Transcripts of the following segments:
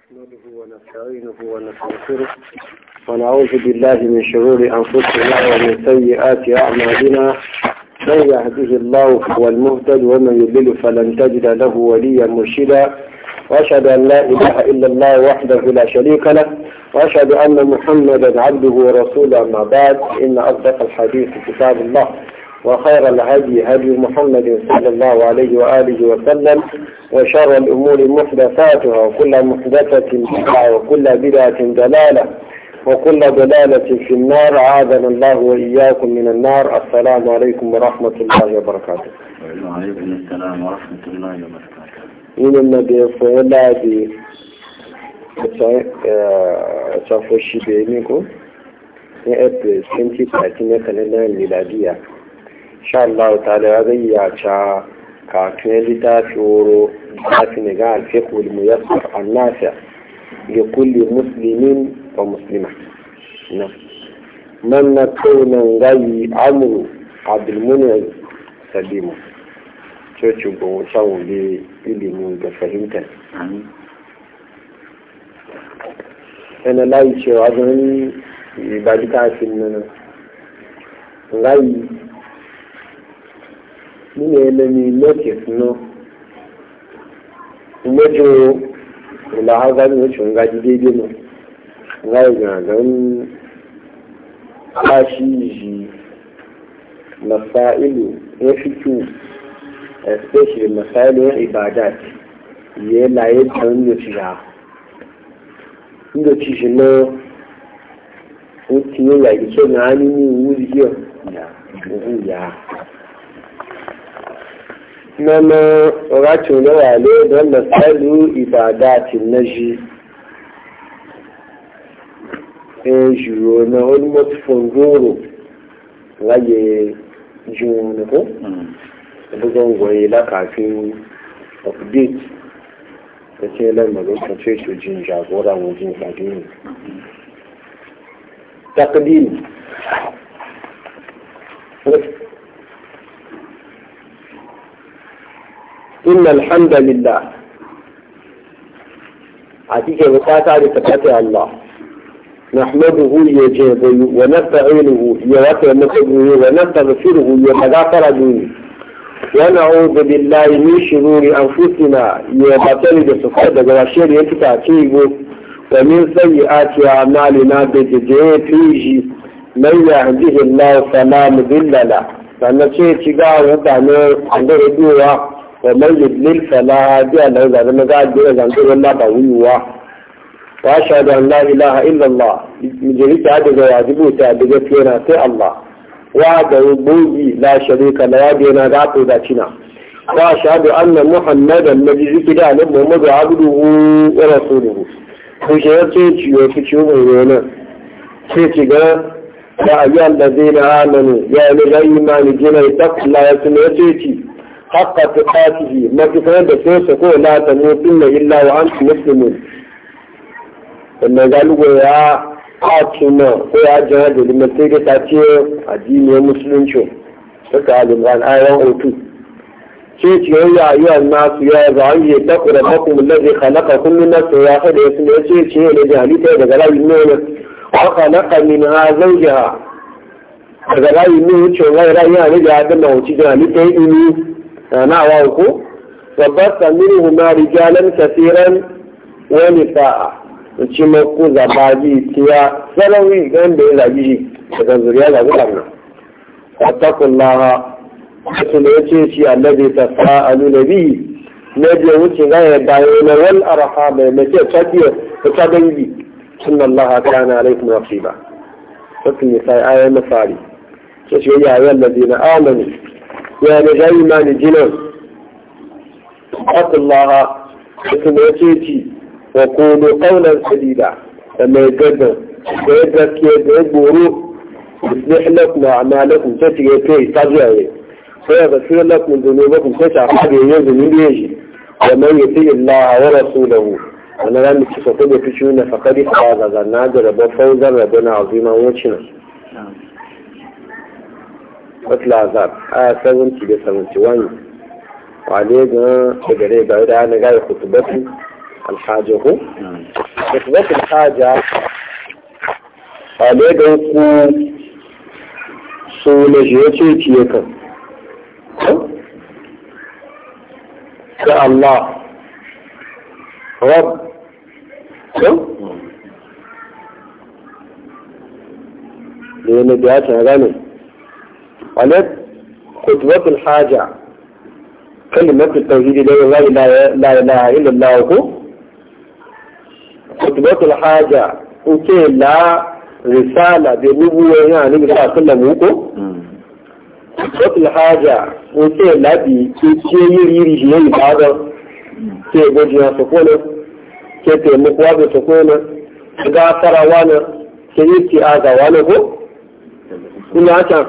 نحمده ونستعينه ونستغفره ونعوذ بالله من شرور أنفسنا ومن سيئات أعمالنا من يهده الله فهو المهتد ومن يضلل فلن تجد له وليا مرشدا وأشهد أن لا إله إلا الله وحده لا شريك له وأشهد أن محمدا عبده ورسوله أما بعد إن أصدق الحديث كتاب الله وخير الهدي هدي محمد صلى الله عليه وآله وسلم وشر الأمور محدثاتها وكل محدثة بدعة وكل بدعة دلالة وكل دلالة في النار عاذنا الله وإياكم من النار السلام عليكم ورحمة الله وبركاته وعليكم السلام ورحمة الله وبركاته من النبي صلى الله عليه وسلم شفوا آه، الشيء بينكم في أبريل 2013 كالندر الميلادية insha Allah ta'ala zai ya ka kafin littafi woro littafi ne ga alfiqul muyassar annafi li kulli muslimin wa muslima na man na kaunan gayi amru abdul munir salimu coci gomu samu wule ilimin da fahimtar yana layi cewa zan yi ba littafin nan layi nínú ẹlẹ́mi lọ́ọ̀kì fúnná mọ́jọ ìlà ága ní oṣù ńgá jíde dé mọ́ ńgá ìgbìyànjọ́ ń káṣí yìí masa ìlú fi tù especially ìlú ń ìbàdà ìyẹ́ láyé tán ní oṣù yà ní oṣù yìí náà ń tiẹ̀ yàgì tó náà nínú ìwúrí nana racho na wale don na tsalu ibadatin na shi e juro na almost fondoro rage jiro na ko bugan goyi la kafin update da ce lan malo ta ce to jin jagora wajen hadini takdim إن الحمد لله عتيك بقاطع لتقاطع الله نحمده يجيب ونستعينه يوتنفره ونستغفره يتغافر به ونعوذ بالله من شرور أنفسنا يبطل بسفاد وشر يتتعتيب ومن سيئات أعمالنا فيجي من يهده الله فلا مضل له فنشيء تجاه وضعنا عند ربيعه ومن يضلل فلا هادي له إذا لم يقعد بين ذنبه ولا بويوة وأشهد أن لا إله إلا الله من جريت عدد واجبه تعبد فينا في الله وعد بوجي لا شريك له يدينا ذات ذاتنا وأشهد أن محمدا الذي ذكر عليه محمد عبده ورسوله وشهدت يوفيته ويونا سيتي يا أيها الذين آمنوا يا أهل الإيمان جنا اتقوا الله يسمع سيتي حق تقاته ما كفاية بشيء كوه لا تموتن إلا وأنتم مسلمون إنه قالوا يا قاتلنا يا جهاد لما تيجي تاتيه الدين يا مسلم شو سكا عالمغان آية وأوتو شيت يا أيها الناس يا زعي اتقوا ربكم الذي خلقكم من نفس واحدة يسمع يا لجهلي لجهاليته بغلاء النونة وخلق منها زوجها بغلاء النونة شو غير أيها لجهاد الموت جهاليته إني ناواكو فبس منهما رجالا كثيرا ونساء وشمكو زباجي سيا سلوي كان بيلاجي كذريا لا غلبنا اتقوا الله وسلوتي الذي تساءلون به نبي وجهنا يا دايما والارحام مجي تشكي تشابيبي سن الله كان عليكم رقيبا فكني ساي اي مصاري تشويا يا الذين امنوا يعني غير ما نجنا اتقوا الله وتمتيتي وقولوا قولا سديدا فما يقدم ويدرك يدعو يصلح لكم أعمالكم تتغيثي ترجعي فيغفر لكم ذنوبكم تتعقب ينزل من يجي ومن يطيع الله ورسوله أنا لم تستطيع تشوفون فقد فاز ذا نادر فوزا ربنا عظيما وشنا قتل عذاب آه سبنتي بسبنتي وان وعليه قدري بعيد عنا قال خطبة الحاجة هو خطبة الحاجة عليه قال كو سولة جيتي تيكا الله رب لأن بيعتنا غني على خطوة الحاجة كلمة التوحيد لا إله إلا الله هو خطوة الحاجة وكي لا رسالة بنبوة يعني بلا كل موكو خطوة الحاجة وكي لا بي كي يري يري يري بعضا كي بجيها سكونا كي تيمقوا بسكونا كي غافر وانا كي يتي آذا وانا هو إلا عشان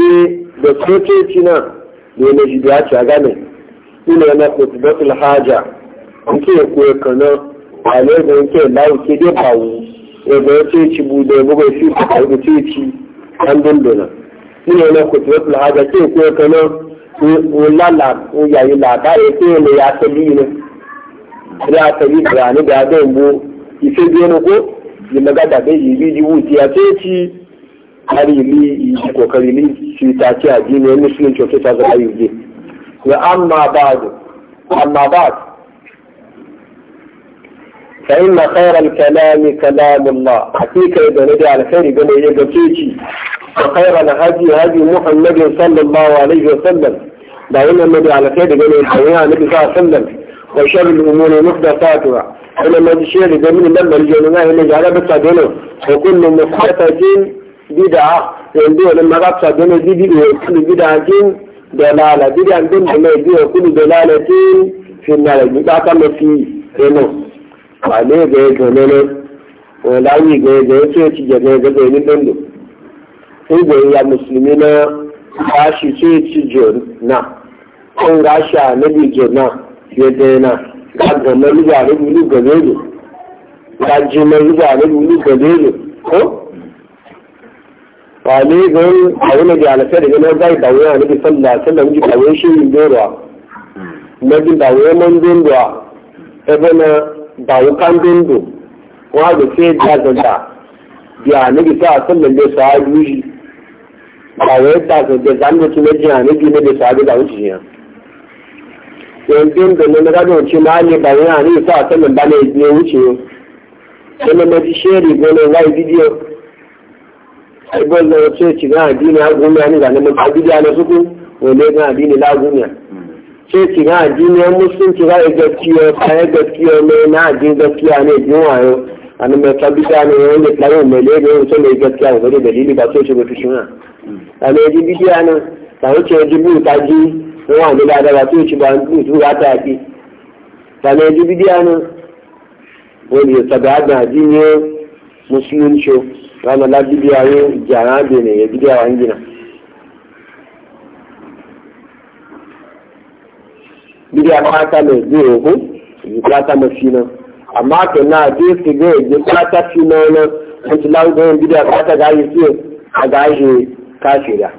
sai da cococi na da na shi da ta gane ina na kutubatul haja nke ya koya kana a ne da nke lawo ke dai bawo ya ga coci bu da buga shi ka karbi coci an dunduna ina na kutubatul haja ke koya kana wulala yayi labari ke ne ya tabi ne ni da zan bu ife biyo ko yi magana da yi bi di wuti ya har yi yi kokari ta musulun ta zama yi wa amma ba da amma ba da فإن خير الكلام كلام الله حقيقة إذا ندي على خير بنا يجبتيتي وخير الهدي هدي محمد صلى الله عليه وسلم دائما ندي على خير بنا على النبي صلى الله عليه وسلم وشر الأمور محدثاتها إلى ما تشير بمن لما الجنة إلى جعل بتعدنه وكل محدثة bid'a yanzu wani magabta don bidi wa kullu bid'atin dalala bid'an din da mai biyo kullu dalalatin fi nara gida ka mafi kano ba ne ga ya gane ne ko lawi ga ya gane ce ci gane ga zai ni dando sai ga ya musulmi na gashi ce ci jona kan gashi a nabi jona ya dena ga gane ni ga rubu ni ga zai ga jimai ga rubu ni ga zai ko wani gan a wani da alaƙa daga nan zai dawo ya nabi sallah sallam dawo shi yin dorwa na ji dawo ya man a ebe na dawo kan dondo da sai da zanta ya nabi sa da sa ta da na ji ya da sa dawo na na ma ne ya sa ba ne ya wuce sai na ji sheri ne na zai ẹgbẹ́ lọ tí ó ti rán àdínì agúnmíà nígbà nínú àdínì alọ́sókú òní rán àdínì lágúnmíà tí ó ti rán àdínì mùsùlùm ti ráyè gẹ kí ọ káyẹ gẹ kí ọ mẹ náà àdínì gẹ kí àná ìdíwọ̀n àyọ ànàmẹ́ta bíbí àná ìwọ̀n lè parí òmẹ̀lẹ́ ẹgbẹ́ òun tó lè gẹ kí àwọn ọ̀rẹ́dẹ̀ bẹ̀lẹ́ nígbà tó ṣe gbẹ̀fi ṣùgbọ́n àná ẹdí bíbí àná làwọn ti ẹdí bí ìtají wọn àmì dáadáa tó ti bá ìtú látà àti wani la bidiya yi jana bene ya bidiya wa gina bidiya fata mai zai ko yi fata mafi nan amma ka na je su ga yi fata fi nan nan wacce lagunan bidiya fata ga yi fiye a gashi kashira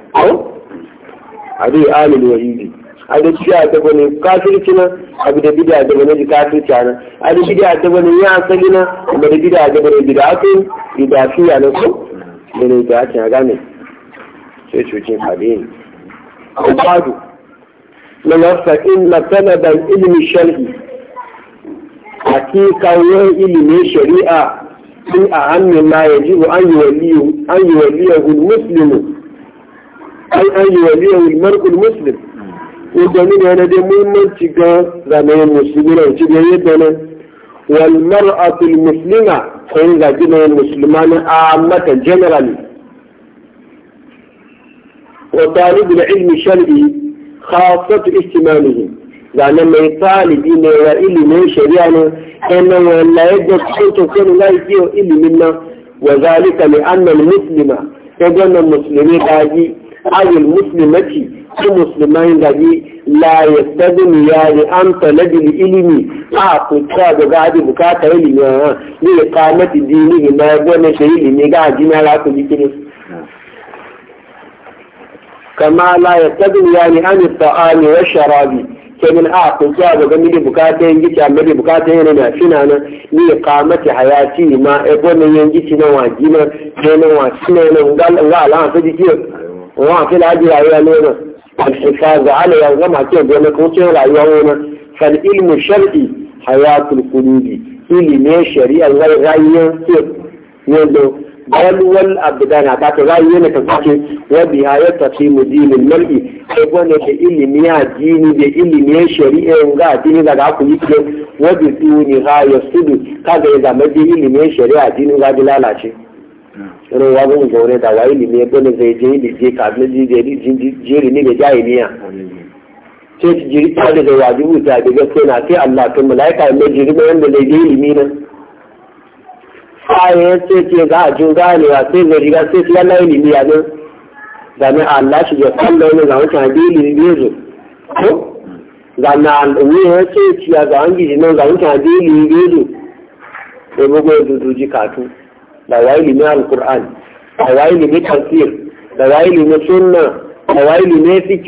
a dai alil wahidi a da shi a taba ne kafirci na abu da bida da bane kafirci na a da bida da bane ya asali na abu da bida da bane bida ko bida fi ya na ko da ne da ake gane sai cucin kabe ne ko fadu na nasa in na sanadan ilimin sharhi hakika wani ilimin shari'a in a hannun ma yajibu an yi waliyahu muslimu an yi waliyahu mar'ul muslim وجميل أنا دي مهمة تجا زمان المسلمين أو يدنا والمرأة المسلمة فإن زمان جمع المسلمان عامة جنرال وطالب العلم الشرعي خاصة اهتمامه لأن ما يطالب إنه وإلي من شريعنا إنه ولا يجب حيث كان لا يجيه إلي منا وذلك لأن المسلمة يجب المسلمين هذه أو المسلمة su musulman gari la ya sabi mu ya ne an talabi da ilimi a kuta da za a ji bukata ilimi a ne ya kama ti dini ne na gwamna shi ilimi ga ajina la ku ji kiri kama la ya sabi mu ya ne an ta'ani wa sharabi kemin a kuta da ga mili bukata yin gici amma da bukata yin na fina na ne ya kama ti hayati ma e gwamna yin gici na wajina ne na wajina ne ga al'ansa jikin wọn àfi والحفاظ عليها وما كان بينك وكيل عيونا فالعلم الشرعي حياة القلوب إلي شريعة غير غير يدو بل والأبدان أتاك غير نكتاك وبها يتقيم دين المرء أيضاً إلي ميا ديني بإلي ميا شريعة وغا ديني لك أكو يكتب وبدون غاية صدو كذا إذا مدي إلي ميا شريعة ديني غا دلالة wani wagon zaune da wa ilimi ya gani zai je ili je ka na jiri ne da jahiliya ce ci jiri ta da zai wajibu ta da gaske na sai Allah tun mala'ika na jiri mai wanda zai je ilimi nan ayan ce ce za a jin ganewa sai zai riga sai su yana ilimi ya nan zane Allah shi ya falla wani zaman ta bi ilimi ya zo zane al'ummi ya ce ci ya zaman gizi nan zaman ta bi ilimi ya zo sai e bugu ya dudu ji da waye limi alkur'an da waye limi tafsir da waye limi sunna da waye limi fiqh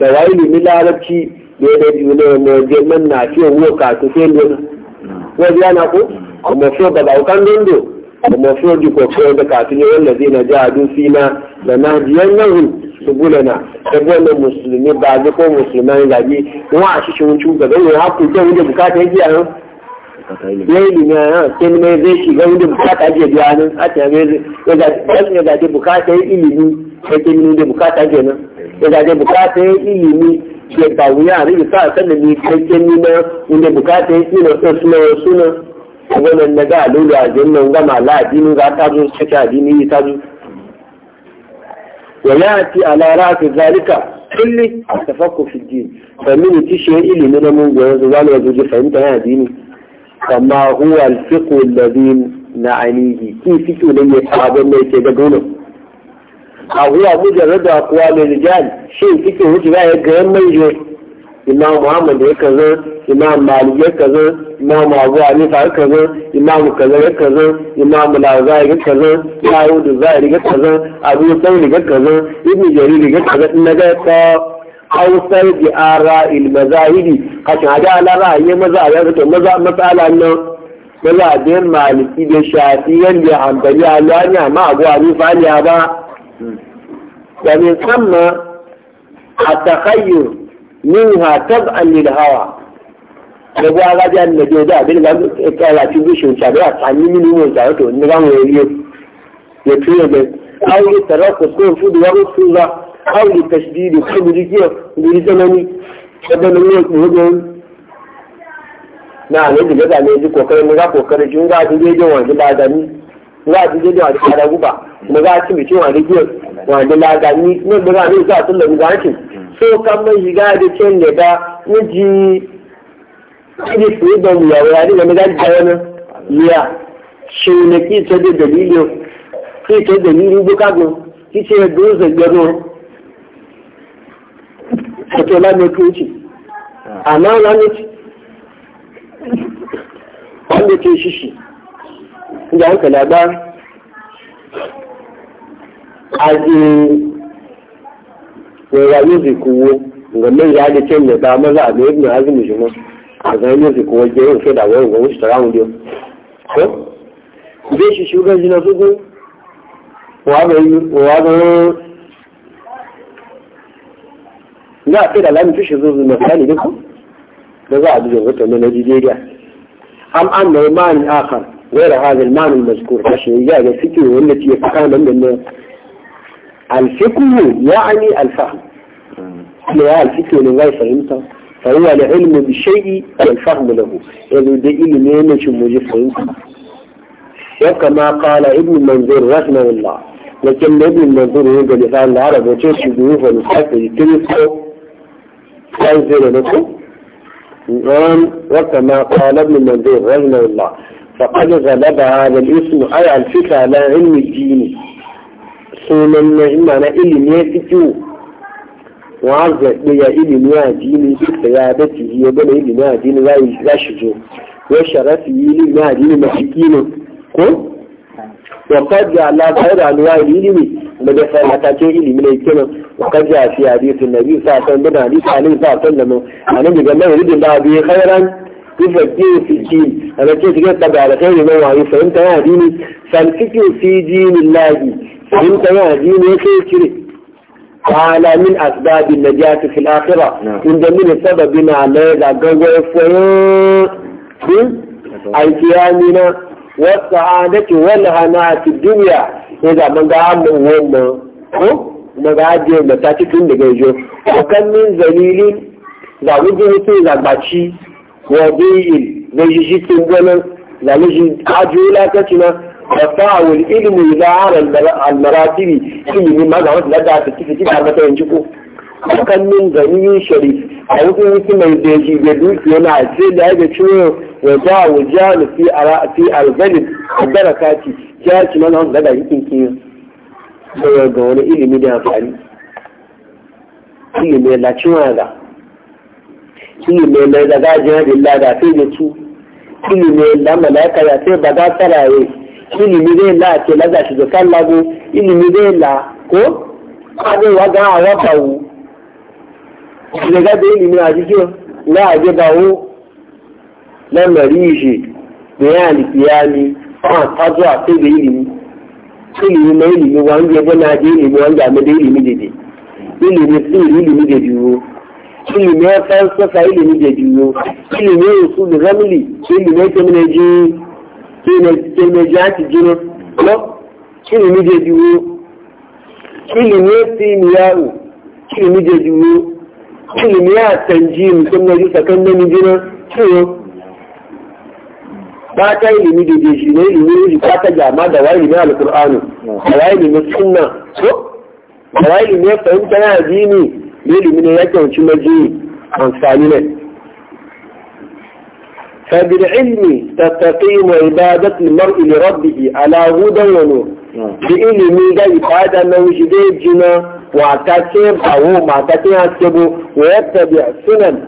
da waye limi larabci da da ne ne je man na ce wo ka sai ne ko ya na ko amma so da ba kan dondo amma so ji ko ko da kasu ne wanda zai na jihadu fina da na jiyan su subulana da wannan musulmi ba ga ko musulman gaji wa shi shi wucu ga ga ya haku da wuce bukata yake a laili ne a sai ne zai shiga wani bukata ake biya nan a ta mai zai ya gaje bukata ya ilimi ya ke nuna da bukata ke nan ya gaje bukata ya ilimi ke ba wuya a rikin sa sanda ne kake nuna wanda bukata ya ina sai suna suna wannan na ga lulu a jinnan gama la addinin za ta zo sake addini ta zo wa yati ala kama huwa alfiqu alladhi na'anihi ki fiqu ne ne sabon ne ke ga dole a huwa mujarrad aqwal rijal shi fiqu wuce ga yayin mai je imam muhammad ya kaza imam malik ya kaza imam abu ali ya kaza imam kaza ya kaza imam lawza ya kaza da zai ya kaza abu sauri ya kaza ibnu jarir ya kaza in ga ta hausar bi ara il mazahiri kashin hajji ala ra'ayi maza ya zato maza matsala nan yin maliki da shafiyan da hanbali a ma abu abu faliya ba da min samma a takhayyur minha tab'an lil hawa da gwa gaji an da da abin da ka la ci bishin cha da tsani mini mun ta to ni ga mu yi ya tuye da ai tarafu ko fudu wa rusuza aw li tashdid ko mu ji ko mu na ne diga da ne ji kokarin mun ga kokarin jin ga ji dai wani da da ni ga ji dai wani da guba mun ga ci mutum wani ji wani da ne mun ga ne za su lamu ga ci so kan mun shiga da cin da mu ji da mu ya ga ji ya shi ne ki ta da dalilin ki ta dalilin ki ce kake ba mai tuci amma wani ci wanda ke shishi da hankala ba a je wewa yuzi kuwo ngamin ya da cin da ba maza a bayan na azumi shi mun a zan yuzi kuwo jerin sai da wani gwamnati ta ramu biyu لا tsira lamin tushe zo zuwa misali da ku da za a duba hoto na Najeriya am an mani غير هذا المعنى المذكور عشان جاء الفكر والتي يفهم من الفكر يعني الفهم لا الفكر من غير فهمته فهو العلم بالشيء الفهم له يعني ده إلي شو موجود فهمته وكما قال ابن منظور رحمه الله لكن ابن منظور يقول لسان العرب بيوفا ونحفظ التلفون ينزل لكم نعم وكما قال ابن المنذير رحمه الله فقد غلب هذا الاسم أي الفكرة على علم الدين سنن إمانا إلمية فكو وعرض لي إلمية دين بقيادته يبنى إلمية دين لا يشجو وشرفه إلمية دين محكينه كم؟ وقد جعل غير انواع العلم مدفع لكاكي علم لكنا وقد جاء في حديث النبي صلى الله عليه وسلم حديث عليه صلى الله عليه وسلم أنا من جمع يريد الله به خيرا يفكر في الدين انا كيف كنت تبع على خير ما هو عليه فانت يا ديني فالفكر في دين الله فانت يا ديني فكري تعالى من اسباب النجاة في الاخرة عند نعم. من السبب ما لا يزعج ويفوي نعم. القيامنا wasu hannatin wani hannatin duniya ne ga manga hannun wannan ko na gaje da ta ci tun daga yau hakannin zalili ga wujin mutum zagbaci wa bi'in na jiji tun ganin zalishin ajiyo lakaci na da fa'awul ilimin zaharar al-maratibi ilimin ma ga wasu lada su ciki ciki a matsayin ciko tsakanin ganin shari a hukumci mai daji da dukiya na ce da ya ciwo ya ba wa jihar fi fi albalin a baraka ci jihar ci mana wanda da yakin kiyo sai ga wani ilimi da amfani ilimi la ciwa da ilimi la da gajiyar da da sai da su ilimi la malaka ya sai ba za tsaraye ilimi zai la ce la shi da sallago ilimi zai la ko abin ga a wata daga da ilimi a cikin na aje ba wo na marije da ya alkiyami a ta zuwa sai da ilimi ilimi na ilimi wanda ya bana da ilimi wanda amma da ilimi dede ilimi tsiri ilimi da biyu ilimi ya falsafa ilimi da biyu ilimi ya su da zamili ilimi a tanji mutum na jisa kan na mijina ciwo ba ta ilimi da ke shi ne ilimi da ta ta jama da wa ilimi al-qur'ani da wa ilimi sunna ko da wa ilimi ya fahimta na addini da ilimi ne ya kyanci maji amfani ne فبالعلم تستقيم عبادة المرء لربه على هدى ونور بإلمي ده إبادة نوجده جنا وعكاكين أو معكاكين أكتبوا ويتبع سنن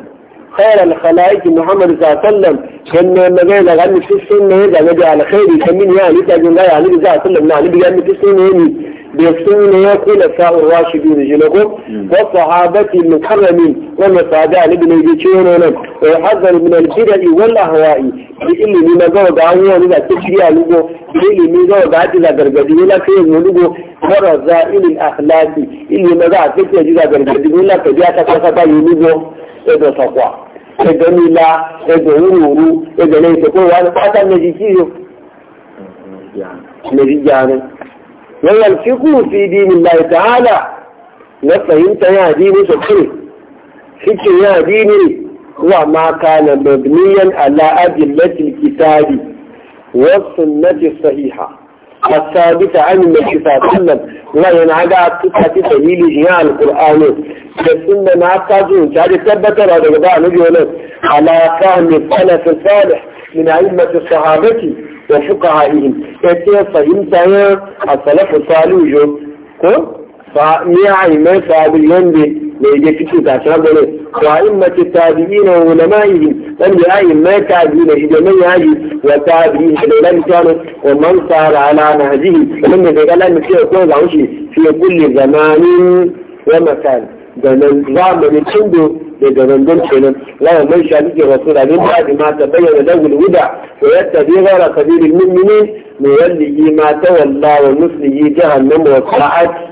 خير الخلائق محمد صلى الله عليه وسلم كان مجال غني في السنة هذا نجي على خير كمين يعني تجن غير عليه صلى الله عليه وسلم يعني بيجي في السنة يعني بيسنون يقول الساء الراشدين جلهم والصحابة المكرمين والمصادع لابن يجيشون ولم ويحذر من البدع والأهواء بإلي من قوض عنه إذا تشريع لغو بإلي من قوض عدد إذا قرقدي ولا خير مرة زائل الأخلاق إلي من قوض عدد إذا قرقدي ولا فجاة كفتا يلغو ẹ̀dọ̀ sakwa. ẹ̀dọ̀ nila ẹ̀dọ̀ wúrúwúrú ẹ̀dọ̀ lẹ́yìn tó kó wà ní pátá méjì kí yó méjì fi kú fi di nílá na fahimta ya dini su kiri fikin ya dini wa ma kana mabniyan ala adillatil kitabi was sunnati sahiha الثابتة عن النبي صلى الله عليه وسلم لا ينعقى تسعة دليل جهة القرآن فالسنة ما تاجون كان ثبت هذا قضاء نجونا على فهم الثلاث الصالح من علمة الصحابة وفقهائهم يتيه فهمتها الثلاث الصالح كم؟ فمعي ما فعب الينب ليجي في كتا سلام بني التابعين ونمائهم لم يأي ما تابعين إذا من يأي وتابعين حتى لم كانوا ومن صار على نهجه ومن يقول الله أن أكون العوشي في كل زمان ومكان زمن زمن الحمد لزمن دون حين لا من شاهده رسول عليه بعد ما تبين له الهدى ويتبي غير سبيل المؤمنين نولي ما تولى ونصلي جهنم وصاعد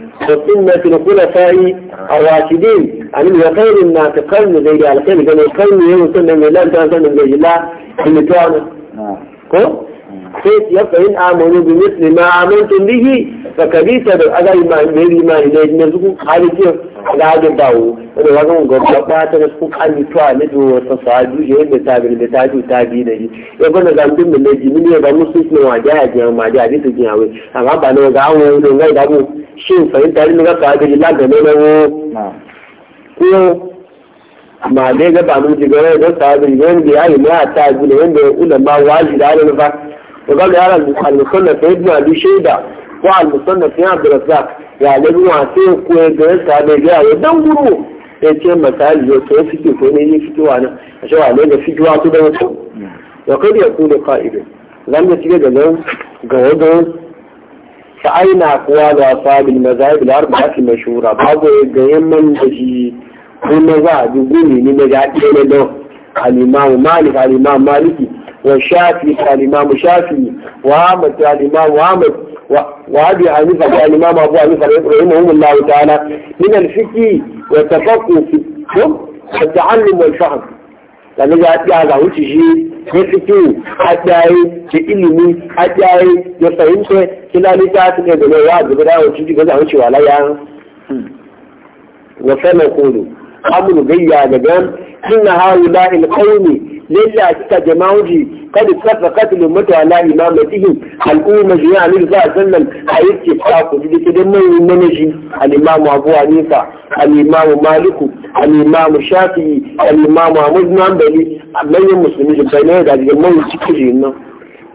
وسنة الخلفاء الراشدين عن الوقير الناطقين غير الخير كانوا يقيموا يوم سنة ميلاد كانوا سنة الله في المتوانا نعم. كو sai ya fa in amanu bi misli ma amantum bihi fa kadita da aga iman da iman da ne zuku hali ke ga ga dawo da wannan gaba ba ta da su kan yi tuwa ne do sa saju je da ta bi da ta ju ta bi da yi ya gona ga dun da ji e, ne e, ba musu ne wa ja ja ma ja ji tun yawe amma ba no ga wani ga da mu shin fa in ne ga ka ga la ga ne wo ko ma dai ga ba mu ji ga da sa ga ne ya yi ma ta ji ne wanda ulama wajibi da ne ba وقال على المصنف ابن أبي شيبة وعلى المصنف يا عبد الرزاق يعني ابن عسير كوين جلس على جاء يدوروا يتم إيه، مسائل يوتو فيكي كوين يفيكي وانا عشان علينا فيكي وعطو دوتو وقد يكون قائلا لم يتجد لهم قوضهم فأين أقوال أصحاب المذاهب الأربعة المشهورة بعض الجيم من بجي كل مذاهب يقول لي مجاعتين له الإمام مالك الإمام مالكي وشافي قال امام شافي الشافعي قال امام أحمد وأبي حنيفة قال امام أبو حنيفة رحمه الله تعالى من الفقه والتفقه في والتعلم والفهم لأن جاءت هذا هو شيء يفتو حتى يعلمي حتى يفهمك كلا لتاتك من الواجب لا وتجي كذا هو شيء ولا يعني وفما يقولوا قبل بيا لجان إن هؤلاء القوم lalle a kika jama'u ji kada kafa katilin mutu ala imamatihim al'umma ji ya nufi za sallan a yi ce fa ku ji ke da mai manaji al'imamu abu hanifa al'imamu maliku al'imamu shafi'i al'imamu ahmad nambali a manyan musulmi ji da daga mai ciki ji nan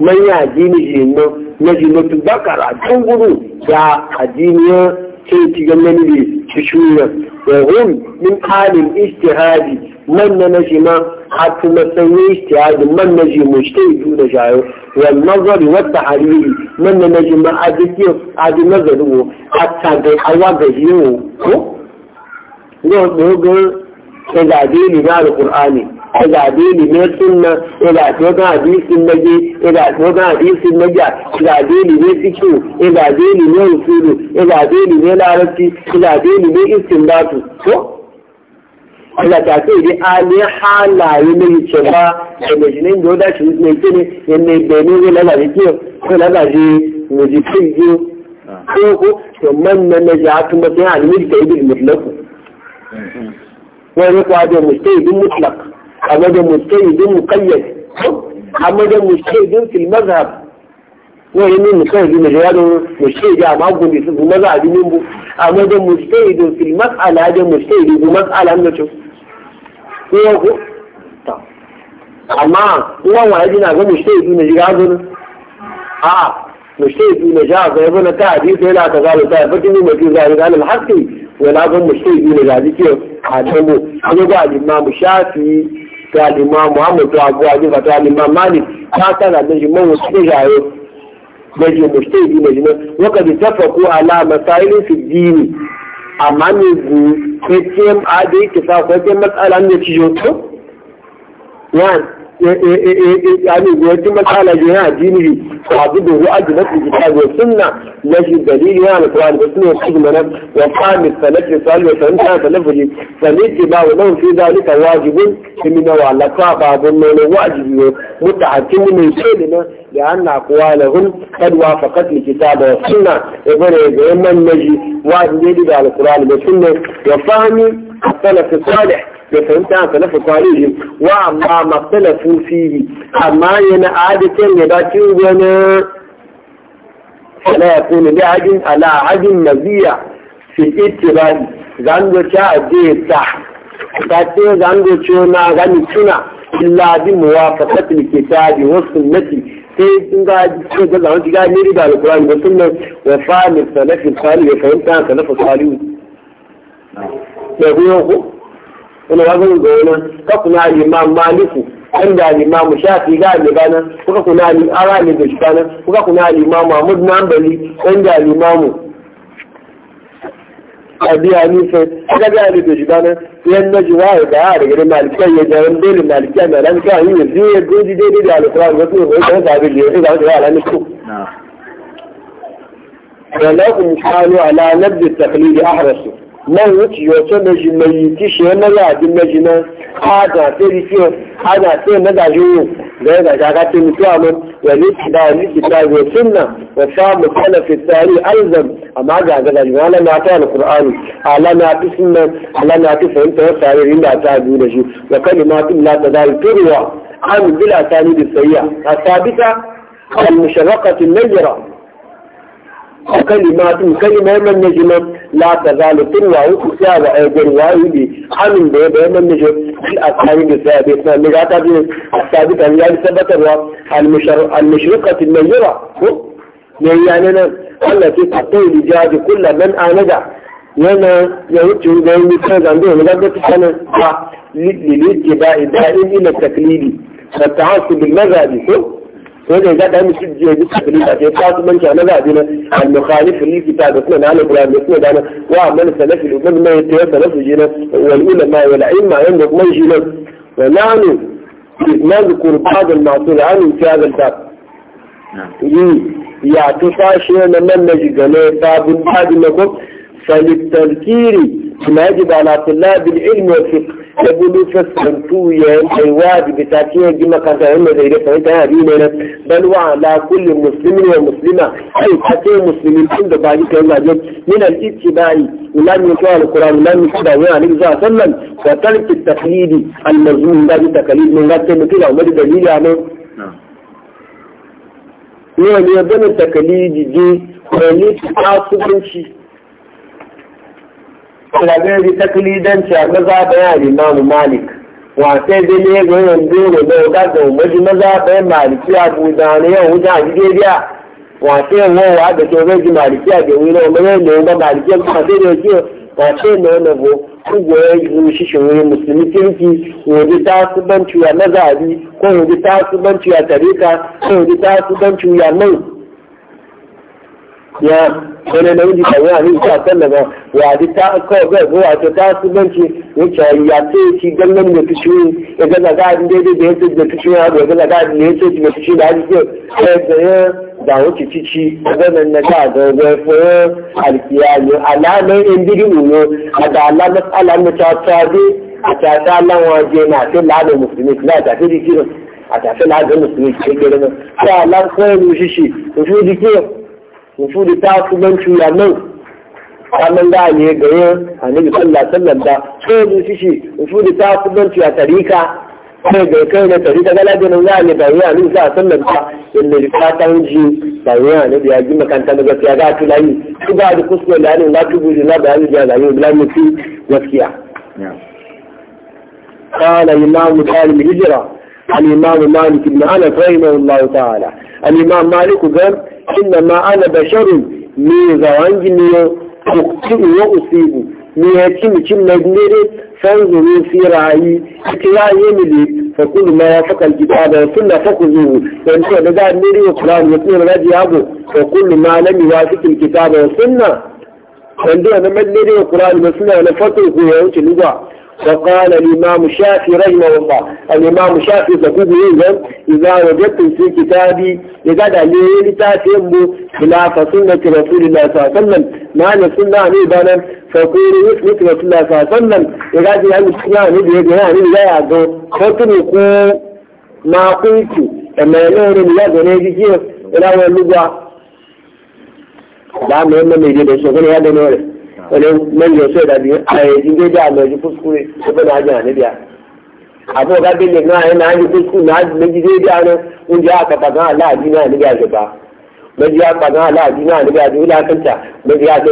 manyan addini ji nan na na tubakar a can gudu da addiniyar تيتي جمالي بشوية وهم من حال الاجتهاد من نجم حتى مسوي اجتهاد من نجم مجتهد نجايو والنظر والتحليل من نجم عدد عدد نظره حتى بحواق جيوه هو هو هو هو هو هو هو إذا دين من سنة إذا توقع دين سنة إذا توقع دين سنة إذا دين من سكو إذا دين من وصول إذا دين من العربي إذا دين من استمداد Allah ta ce dai alin halaye na yi cewa da majinin da wadace mai kini yadda da ne zai lalace kiyo ko lalace mujikin yi ko ko to man na na ja kuma sai alimin da ibil mutlaq wani kwa da mustaidin mutlaq amma da mustaidin muqayyad amma da mustaidin fil mazhab wani ne mustaidin da yaro mustaidi amma gobe su mazhabi ne bu amma da mustaidin fil mas'ala da mustaidi bu mas'ala ne to ko ko amma kuma wani dina ga mustaidi ne ga zo a mustaidi ne ja ga yabo na ta hadisi yana kaza da ta fatini mutum zai ga al-haqqi ga a tabo ga al shafi tó alimọ́ muhammed tó abu adiba tó alimọ́ mali káàkiri àgbẹ̀jù mọ́wọ́ sí ìyàwó gbẹ̀jù mùsùlùmí ìdí mẹ́jìmọ́ wọ́n kàdí tẹ́fọ̀kú aláàmọ́ta ilé fi dìínì àmà ní ìgbù pé tí a dé ìkẹfà pẹ́ pé mẹ́tàlá ní one yani wata matsala ne na addini ne abu da ruwa da mafi jita da sunna na shi dalili na alkuwan da suna su mana wa kami salafi salihu sanin ta salafi sanifi ba wa nan fi zalika wajibin kimina wa laka babun nuna wajibi ne mutahakimu mai sai da لأن أقوالهم قد وافقت الكتاب والسنة يقول إذا من نجي واحد يجد على القرآن والسنة وفهم السلف الصالح da fahimta a salafu tarihi wa amma maktalafu fihi amma yana adikin ya dace wani fala ya kone da hajin ala hajin nabiya fi ittirani zango ta aje ta ta ce zango ce na gani tuna illa bi muwafaqatil kitabi wa sunnati sai sun ga sun ga zaman shiga ne da alkurani ba sun nan wa fa min salafin salih ya fahimta salafin salih da ku wani wagon ga wani kakuna al'imam maliku an da al'imam shafi ga alibana kuka kuna al'ara ali da shi kana kuka kuna al'imam mahmud na ambali an da al'imam abi hanifa kuka ga ali da shi kana yan na jiwa ya ga a daga malikan ya jaran dole malikan na ran kawai ya zai ya goji daidai da alƙur'an wasu ya goji da abin da ya zai zama da alamin ko ولهم كانوا على نبذ التقليد أحرصوا موت يوتم جميتي شيئا لا دم جنا هذا تريفيو هذا تريفيو ندا جو لذا جاكا تنسوا من وليس دا نيس دا يوتمنا وشام كان في التاريخ أيضا أما جاء جاكا جو على ما تعالى القرآن على ما تسمى على ما تسمى انت وصاري رين دا تعالى جو وكلمات لا تدار تروى عن بلا ثاني بالسيئة الثابتة المشرقة النجرة وكلمات كلمة من نجمة لا تزال تروى وكسا وعيدين وعيدي عمل بيه من نجم الأسحاب الثابتة نجاتا الثابتة يعني ثبت المشرقة المنيرة يعني أنا التي تطول جاد كل من آنجا yana يوجد دائم da عنده mutum zanzu wani zaga ta hana ba liliti ba wajen ga da mutum je duk da dalila ce ta kuma ta na zabi na al mukhalif li kitab da kuma al qur'an da kuma dana wa amal salaf al umma ma yata salaf jina wal ulama wal ilma yanda kuma jina wa nanu نذكر بعض المعصول عنه في هذا الباب يا تفاشي من نجي جنيه باب بعد ما فللتذكير بما يجب على طلاب العلم والفقه يقولوا فسرتوا يا أي واجب تاتيه جمع كانت علم زي ده فانت هذه بل وعلى كل مسلم ومسلمة أي حتى المسلمين عند ذلك من الاتباع ولم يقرأ القرآن ولم يقرأ عليه صلى الله عليه وسلم وترك التقليد المزمون ده التقليد من غير تمثيل أو مدى دليل عنه يعني يبدو التقليد دي وليس تعصبنشي kalagari taklidanci a maza bayan imamu malik sai da ne ga yin dole da ya gaza umarci maza bayan maliki a buda ne yau wuta a nigeria sai yin wawa da ke zai maliki a gani na umarci maliki kuma sai da yake sai na wani go ya yi shi shi wani musulmi kirki tarika ko ya wani namiji kan yi hannun shi ba wa ji ta kawai ga zuwa ta ta su banci wuce ya ce shi gangan da tushi ya ga zaga abin daidai da ya ce da tushi ya ga zaga abin da ya ce da tushi da hajji ke da ya da wuce cici ganin na ta ga gwaifin alkiyami alamar in biri umo a da alamar alamar ta tabi a ta ta lanwa je na ta lada musulmi na ta ta jikirin a ta ta lada musulmi ke gari na ta alamar kawai rushishi rushishi jikirin mutu da ta fi manci ya nan kanan da ne gaye a nabi sallah sallan da sai da shi shi mutu da ta fi manci ya tarika kai ga kai na tarika gala da nan ne da ya nabi sallah sallan da inda da ta tan ji da ya nabi ya ji makanta da gaskiya ga tulayi su ba da kuskure da ne na tubu da na bayani da ya bila mutu gaskiya قال الإمام تعالى الهجرة الإمام مالك بن أنس رحمه الله تعالى الإمام مالك قال inna ma ana basharun ne zawangi ne uktiru wa usibu ne ya ci mucin na gudere san zuru fi rayi ita ya yi mili fa kullu ma ya fakal kita da sunna fa kuzuhu dan to da ga ne ne qur'an ya tsira da jabo fa kullu ma lam yuwafiqil kitaba wa sunna dan da na malle ne qur'an ma sunna na fatu ko ya wuce lugwa فقال الإمام الشافعي رحمه الله الإمام الشافعي تقول إذا إذا وجدت في كتابي إذا دليل تاتيم خلاف سنة رسول الله صلى الله عليه وسلم ما نسنة عن فقولوا مثل رسول الله صلى الله عليه وسلم إذا دي أن السنة عن إبانا عن إبانا فتنقوا ما قلت أما يلون اليد ونجي إلى ولغة لا مهم من يجب أن يشغل هذا نوري wani nan ya so da biyu a yanzu dai da mai ji kuskure ko ba na ji a nabiya abu ga bin da na yana ji kuskure na ji na ji dai da nan mun ji aka faga Allah adina a nabiya ji ba mun ji aka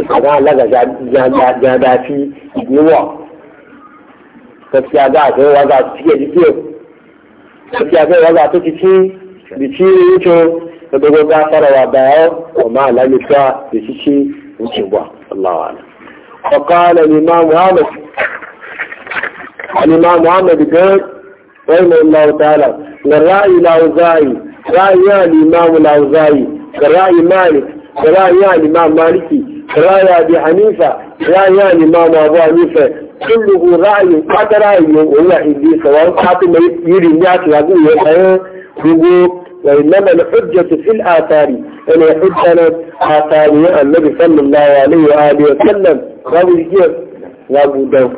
faga Allah fi yiwa gaskiya za a kai waza su cike jiki gaskiya kai waza su Allah فقال الإمام أحمد الإمام أحمد قال رحمه الله تعالى الرأي الأوزاعي رأي الإمام الأوزاعي رأي مالك رأي الإمام مالكي رأي أبي حنيفة رأي الإمام أبو حنيفة كله رأي قد رأي وهو حديث وهو قاتل يريد يأتي يقول يقول وإنما الحجة في الآثار أن يحجنا آثار النبي صلى الله عليه وآله وسلم غاب الجيب غاب الدو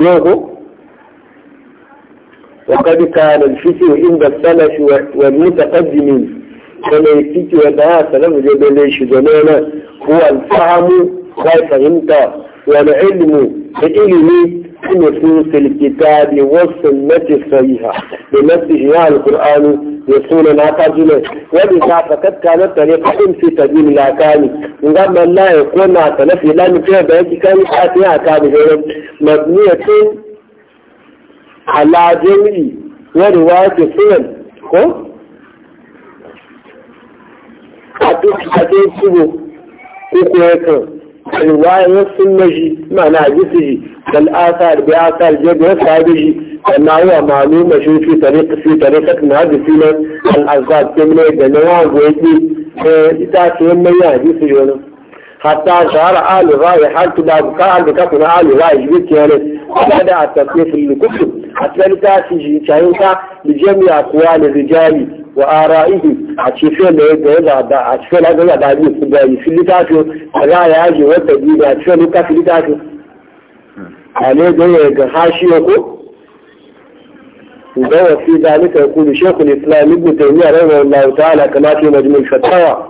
يوغو وقد كان الفتو عند السلف والمتقدمين كما يفتو يدعى سلام جبليش جنانا هو الفهم انت والعلم العلم نصوص الكتاب والسنة الصحيحة بنفسه عن القرآن يصول ناتجنا وبذا فقد كانت طريقة في تدين الأكاني عندما لا يكون في لا نفي بيت كان حاتي أحكام مبنية على جميع ورواية السنة كو أتوقع تنسبه كو كو الرواية نص النجي ما ناجسه فالآثار بآثار جبه صاحبه كما هو معلوم شو في طريق في طريقة ناجسين الأزاد كمنا جنوا ويتي إتاكي ما يهدي سجونا حتى شهر آل الرأي حالة بابكاء بكاكنا آل الرأي جبت يعني وبدأ التصنيف للكتب حتى لتاكي جيتايوكا بجميع أقوال الرجال وآرائه عشفين ليتهد عشفين هذا بعد يفدائي في اللي تعشو لا يعجي والتجيب عشفين لك في اللي تعشو عليه ده حاشي يقول وهو في ذلك يقول الشيخ الإسلام ابن تيمية رحمه الله تعالى كما في مجموع الفتاوى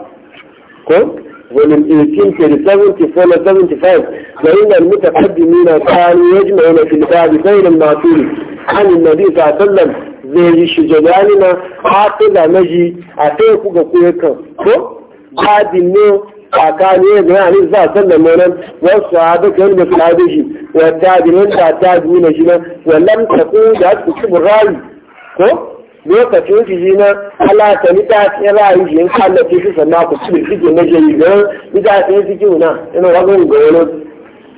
ومن 1837 75 فإن المتقدمين كانوا يجمعون في الباب بين المعقول عن النبي صلى الله عليه وسلم zai yi shi jami'ani na hatu da maji a sai ku ga kuwa kan ko babin ne tsakani ya gina ne za a san da manan wasu sahabu kan da suna da shi wa tabirin da ta biyu na shi na wa lam taku da su ci murari ko lokacin shi shi na alaka ni ta ce rayu shi in kalla ke shi sannan ku ci shi na jayi ganin ni ta ce shi kiuna ina wani ga wani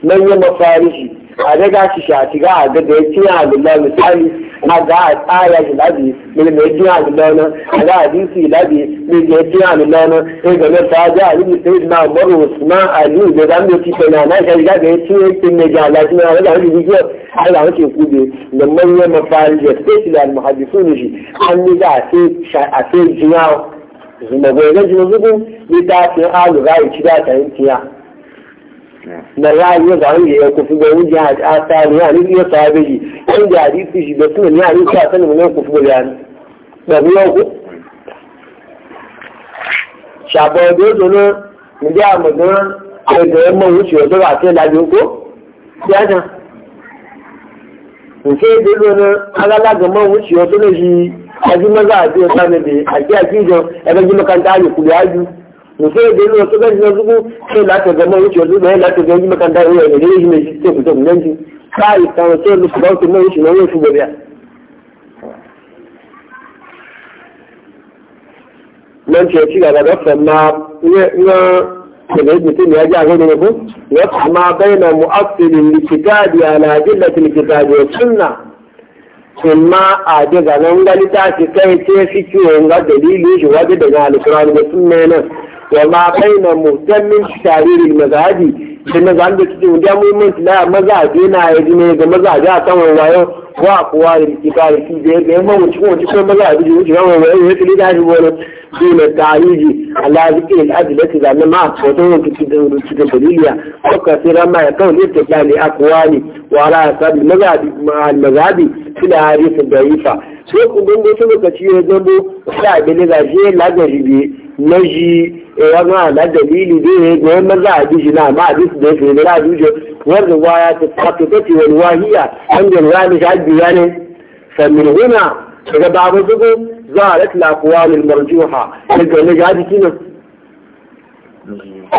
nan yi mafari shi a daga shi shi a shiga a ya da ya cinya a misali a ga a tsaya shi labi mai mai jiya ni lana a ga hadisi labi mai mai jiya ni lana sai ga mai ta ga alibi sai na baro usman ali da zan da ci na na ga ga ya ci yake mai ga lafi na ga hadisi ji a ga wace kube da manyan mafari da sai da muhaddisun shi an ni ga sai a sai jiya zuma goyen jinuzugun ni ta sai alu ga ya ci ta yin da ya yi da wani ya kufi ga wani jihar a tsari ya ni iya tsari ji yan jihari su shi da suna ni a ni sa sanin mai kufi ga jihar da ku yau ku ṣàbọ̀ bí ó dùnú níbi àmọ̀dúnrán ẹgbẹ̀ ẹmọ oṣù ọ̀dọ́ àti ìlàjì ogbó tí a jàn nǹkan èdè lónà alálágàmọ́ oṣù ọ̀dọ́ lè ṣe ajúmọ́gbà àti ọ̀sán ẹgbẹ̀ àti àjíjọ ẹgbẹ́júmọ́kàntà mutum ya gani wasu gani na zubu sai lati gama wuce wasu gani lati gani makanta wuya ne gani shi mai shi sai fito nan shi kai ta wasu da su ba su mai shi na wuya su gabiya nan ce ci gaba da sanna ina da mutum ya ji a gani ne ko ya kuma bayyana mu'assilin likitabi ala jillatil kitabi wa sunna kuma a daga nan gani ta fi kai ce fi ciwon ga dalilin shi waje Talmah fai na mutum minti tarihi na zazi da zan zaki jin zama, yanzu zan zama zabe na ayyadin ne ga ma a san wanzano. wa kuwa da kifari ki da yake yamma wuce ko wuce ko maza a biji wuce rawar wani ya tuli da shi wani dole ta yuji ala zikirin adilati da na ma wato wani kici da rubuci da daliliya ko ka sai rama ya kawo ne ta kyale akuwa ne wa ala ya sabi mazabi mazabi suna harisun da yifa sai ku gungo su lokaci ya zamo sa abin da shi lagari biye na shi ya ma na dalili da ya ga maza a biji na ma a bisu da ya fi na rajujo wanda waya ta tafi tafi wani wahiya an jan rami shi الديانه يعني، فمن هنا إذا بعض الزبون زالت الأقوال المرجوحة إذا نجاة كنا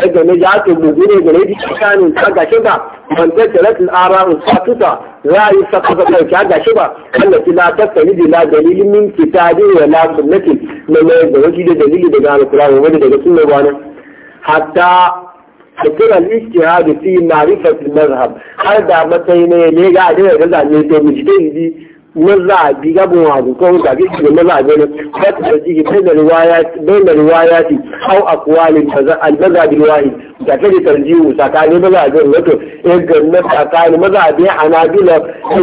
إذا نجاة المجونة إذا نجاة كان انتقى شبا من تكرت الآراء الساقطة لا يستقط الكعدة شبا التي لا تستند إلى دليل من كتاب ولا سنة لما يجب دليل دقاء القرآن ومجد دقاء حتى فكر الاجتهاد في mazhab har هذا متين ne ga da ga zane to maza a ga bun wazu ko ga bi shi mazhabi ne ba ta ji bain riwayat bain riwayat aw aqwal al-mazhab al-wahid da kake tarjihu sakani mazhabi ne to eh ga mazhabi anabila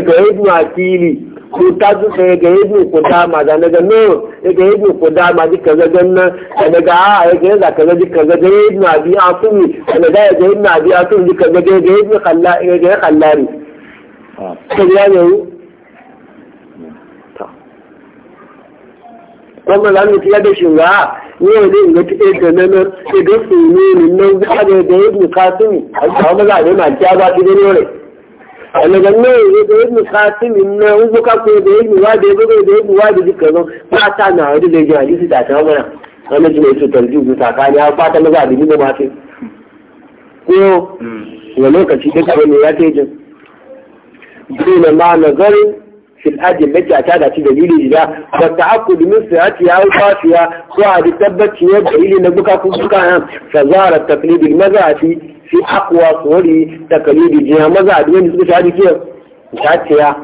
ga ibn akili kuta suka ya eh, ga yadda ku dama da na ga ya eh, ga yadda ku dama ji kaza ganna da ga a ya eh, ga yadda kaza ji kaza ga yadda bi a sumi da na ga yadda bi a sumi ji kaza ga yadda yadda kalla ya ga kallari to ah. ya ne wu kuma za mu tiya da shinga ni yau ne ga tike da nan nan su ne nan ga da yadda ka sumi a kuma za a ne ma kiya ba ki ne ne daga nan ya da ibn qasim na ubu ka ko da ibn ma nazarin في الأدلة أتانا في دليل إله والتعقد من صحتها أو طافها سواء تثبت هي دليل نبكى كبكى فظهر التقليد المذهبي في أقوى صوري تقليد جهة مذهب من نسبة هذه كيف؟ مشاتها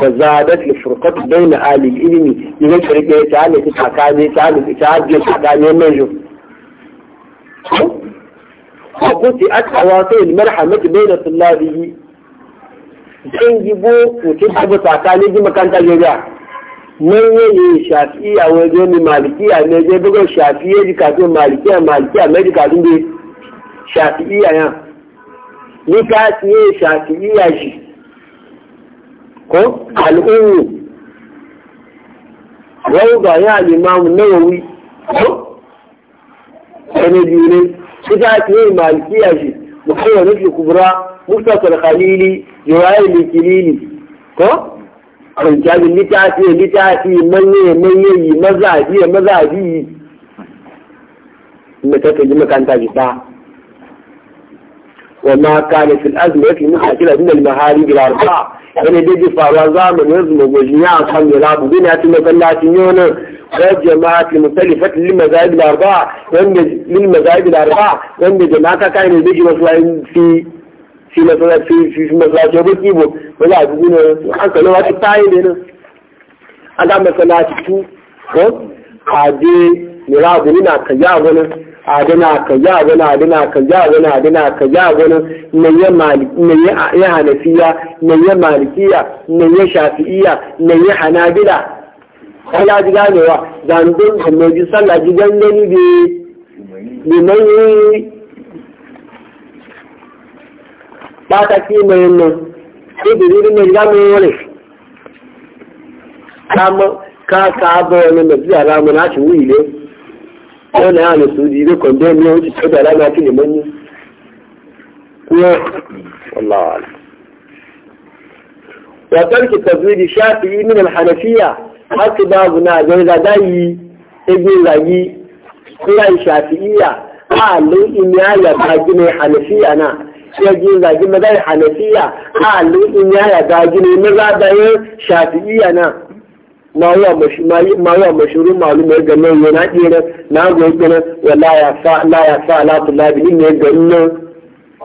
فزادت الفرقة بين آل الإلمي من الفريق تعالى تعالى تعالى تعالى تعالى يمجو وقلت أتواصل المرحمة بين طلابه zan yi bo mutum ta bi tsakani ji makanta jariya nan ya yi shafi a waje ne malikiya ne zai buga shafi ya ji kafin malikiya malikiya mai ji kafin bai shafi iya yan ni ka siye shafi iya shi ko al'ummu wani ga ya limamu nawawi ko ɗane biyu ne su ta siye malikiya shi muhammadu kubra mustapha khalili yoyaye likilili ko an jabi litati litati manye manye maza bi maza bi me take ji makanta ji ba وما كان في الأزمة في مشاكل من المهاري بلا رفع يعني بيجي فارزا من يزم وجميع أصحاب يلعب بين أتم فلات يون غير جماعات مختلفة للمذاهب الأربعة لأن للمذاهب الأربعة لأن جماعة كان بيجي في fi masalacin baki bo ba za a dubu ne hankali ba ta tayi ne nan a ga masalaci tu ko a je mira abu na ka ja wani adana ka ja wani adana ka ja wani adana ka ja wani na ya hanafiya na ya malikiya na ya shafi'iya na ya hanabila ala ji ganewa zandun da mai ji sallah ji gangani bi mai pàtàkì mẹ́rin níbi rírí mẹ́rin lámú rẹ̀ kámọ́ káàkà bọ́ ọmọ nàìjíríà lámú láti wú ilé wọ́n náà lè sùn di ilé kọ̀ǹdé ní oṣù tó dà lámú àti lè mọ́nyí kúrò ọlọ́ọ̀lá وترك التفويض الشافعي من الحنفية حتى بعضنا جيدا دايي ابن كلا الشافعية قال إني آية بحجم الحنفية أنا sai zagi maza da hanafiya a allukin ya ya zagi ne maza da yin shafi'iya na mawuwa mashirin malumar game yana ɗera na goyi ɗera wa la ya fa la ya fa la tu labi ne ga nan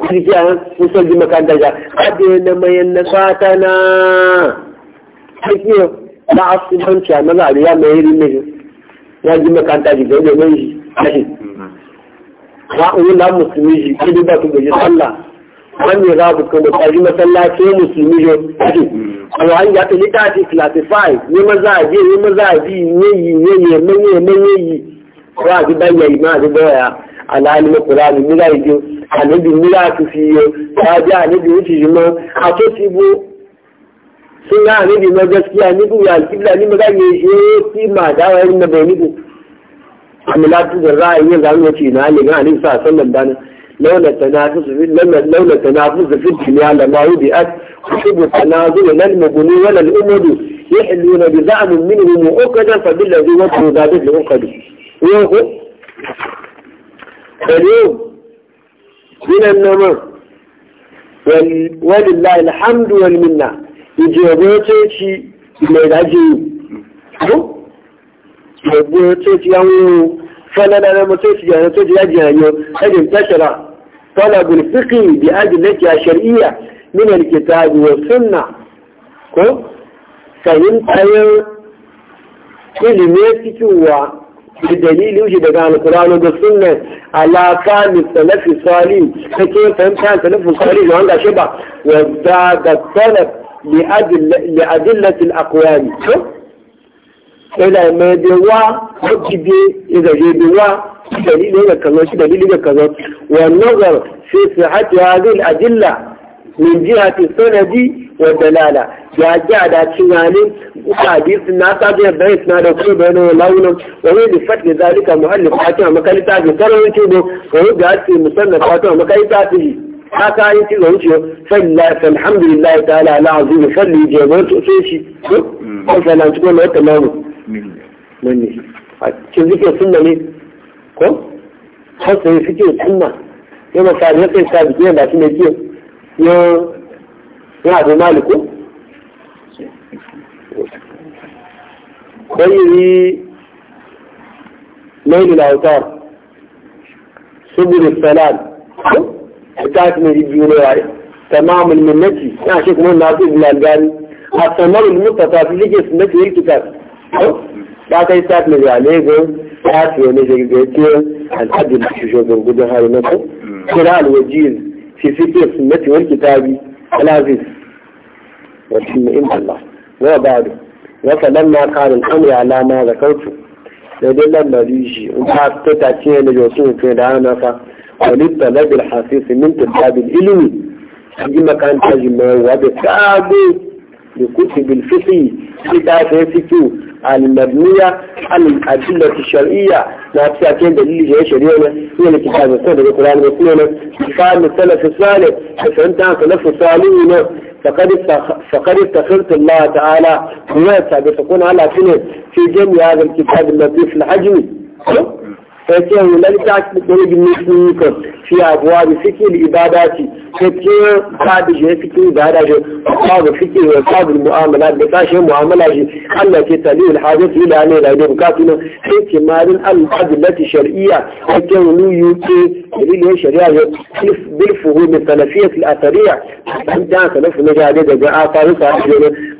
kirkiya kusan ji makanta ga haɗe na mayan na fata na hakiyo na asibanci a maza da ya mai yi rinne ya ji makanta ji ga ɗaya mai shi wa'uyi la musulmi shi ɗaya ba tu gaji sallah wọ́n ní ìrà bùkún lè parí mọ́sálásí mùsùlùmí yọ. ọ̀rọ̀ ayé àti lítà àti ne fáì ní ne àbí eh, ní ne àbí ne yìí ìyẹn yìí ẹ̀mẹ́yìn ẹ̀mẹ́yìn yìí. ọ̀rọ̀ àti báyìí ẹ̀yìn máa ti bẹ̀rẹ̀ àlàálí mọ́kùnrin àmì nílá ìjọ àníbi nílá àti fi yọ ṣáájú àníbi ó ti yìí mọ́ àtúntìbó sínú àníbi mọ́ gẹ́síkíà níbi ìyá àlùkíbílà ní mọ́gá yẹ ṣe é sí màá dáwọ́ ẹni mọ́bẹ̀ níbi. àmì látúndọ̀ ráàyè ń gbà ń lọ sí ìnáyẹ̀ náà àníbi sọ àsọ́nà dáná. لولا تنافس في لما لولا تنافس في الدنيا لما وضعت حب التنازل لا المبني ولا الأمد يحلون بزعم منهم عقدا فبالذي وضعوا ذلك العقد اليوم من النمى ولله الحمد والمنة يجيبوتي شيء ما يدعي يجيبوتي يوم فلا لا لا ما تيجي أنا تيجي أجي أنا أجي تشرع طلب الفقه بأدلتها شرعية من الكتاب والسنة كو فهمت كلماتك بدليل يوجد عن القرآن والسنة على كان السلف الصالح فكيف فهمت عن السلف الصالح وعندها شبه وزاد الطلب لأدل... لأدلة الأقوام yana mai bewa wajibi iga je bewa dalili ga kaza shi dalili ga kaza wa nazar fi sihhati hadhihi al-adilla min jihati sanadi wa dalala ya ja da cinani hadisi na sabu ya bayyana na da kuma bayyana launin wa ne da fatwa zalika muhallif fatima makalita bi karawin tubo wa ne da ake musannaf fatima makalita bi haka yin ci da wuce falhamdulillahi ta'ala ala azim falli jama'a to sai shi ko salanci ko na wata mamu مني cikin zikin sunna ne ko har هناك zikin sunna ya maka ne sai ka zikin da shi ne ke ya ya abu maliku bayyi ليل الأوتار سبل السلام حكاية من الجولة يعني. تمام المنتي أنا شيخ من ناصر بن الألباني الثمر المتطابق لجسمته الكتاب لكن ساعات نجي عليه ساعات نجي بيتين عن حد الحشوشو بنقوله هاي مثلا قراءة الوجيز في فكرة سنة والكتابي العزيز وشم إن الله وبعد وصل لما قال الأمر على ما ذكرته لدينا لما ليجي وقال تتعطيه لجوسون في دعانا فقلت لدي الحاسيس من تتاب الإلمي في مكان تجمع وبسابه لكتب الفقه في تاسيسكو المبنية على الأدلة الشرعية ما تساكين دليل جهة شريعنا هي الكتاب السنة القرآن والسنة كتاب السلف الصالح أنت عن سلف الصالحين فقد فقد اتخذت الله تعالى مناسبة تكون على سنة في جميع هذا الكتاب اللطيف الحجمي فكيه لن تعتبر مسلمك في أبواب فكر الإبادات فكيه بعد جهة فكر الإبادات وقاب فكر وقاب المعاملات بتاشي معاملات التي تليه الحاجات إلى أن إلى بكاتنا احتمال الأدلة الشرعية فكيه يوكي دليل الشريعة من ثلاثية الأثرية فهمتها ثلاثة مجالدة جاء طارق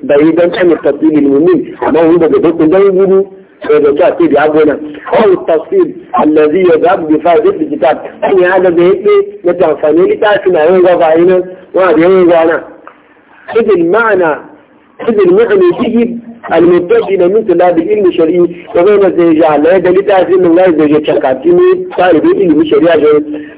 بعيدا عن التطبيل المؤمن ما هو بذلك بكم ده وذكاء تيدي عبونا أو التفصيل الذي يذهب بفائدة الكتاب أي هذا بيتني نتعفاني لتعفنا يوغا فعينا وهذا يوغا أنا إذ إذ المعنى به الى مثل طلاب العلم الشرعي وغير زيجا لا يدل تعزيم الله زيجا تكاتيني طالب العلم الشرعي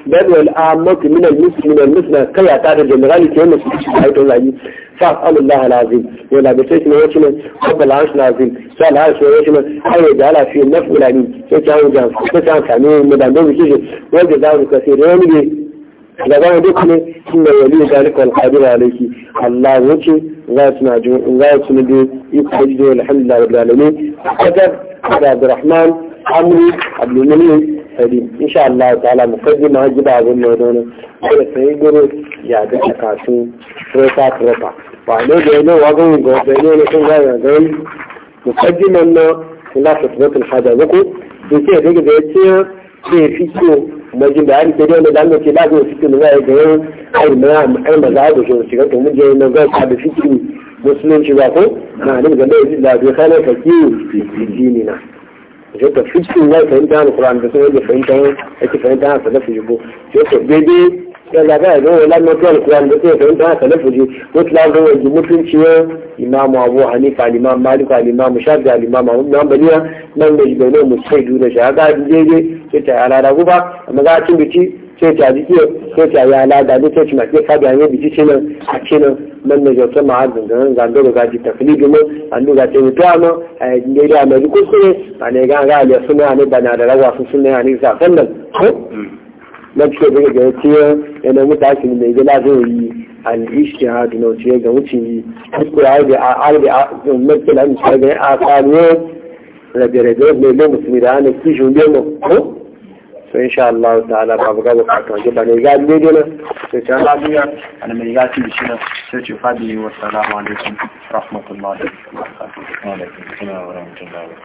بل والأعمق من المسلم من المسلم كي يعتاد الجنرال كي يمس حيث الله فأسأل الله العظيم ولا بسيط من وشنا رب العرش العظيم سأل العرش من وشنا أن يجعل في النفس العليم سيتعون جانس سيتعون كامين مدان دوم الشجر وجد دعوه كثير يومي gaba duk ne inna wali zalika wal qadir alayhi Allah wuce za su na ji za su ne iko da alhamdulillah rabbil alamin kadar da Abdurrahman Amri Abdul Mumin Salim insha Allah ta'ala mukaddima gida abun ne don da sai guru ya ga kasu trofa trofa ba ne da ne wa gun go da ne ne kun ga ga mukaddiman na kula ta trofa hada zaku dake daga da yace zai fito majin da hari sai wanda zamu ce babu fito ne zai ga yau ai ma ai ma za da shi shiga to mun je na ga ka da fito musulunci ba ko na ne ga dai da bai kana ka ki dini na je ka fito ne ka inda alquran da sai da fahimta ake fahimta salafi jibo je ka daidai yalla ga ga wala na kan Qur'an da take da haka lafuji mutla ga wani mutunci ya Imam Abu Hanifa Imam Malik Imam Shafi'i Imam Ahmad nan baliya nan da ibn Musaidu da shaga jeje sai ta ala da guba amma ga cin bici sai ta ji sai ta ala da sai ci ma ka da ne bici ce nan a ce nan nan da jota ma azan zando ga ji taklidi mu an duga ce to amma ai ne da mai kuskure ne ga ga ya suna ne bana da rawa su ne sannan na cike daga ga yace yana muta shi ne da lafiya yi al ishtihad na wuce ga wuce yi kuskura da al da mutum an shi ga a kaniyo rabe rabe ne da musulmi da ana kishi ne mu ko so insha Allah ta'ala ba ga ba ka ji ba ne ga ne dole sai ta lafiya ana mai ga ci shi sai ci fadi wa assalamu alaikum rahmatullahi wa barakatuh wa alaikum assalam wa rahmatullahi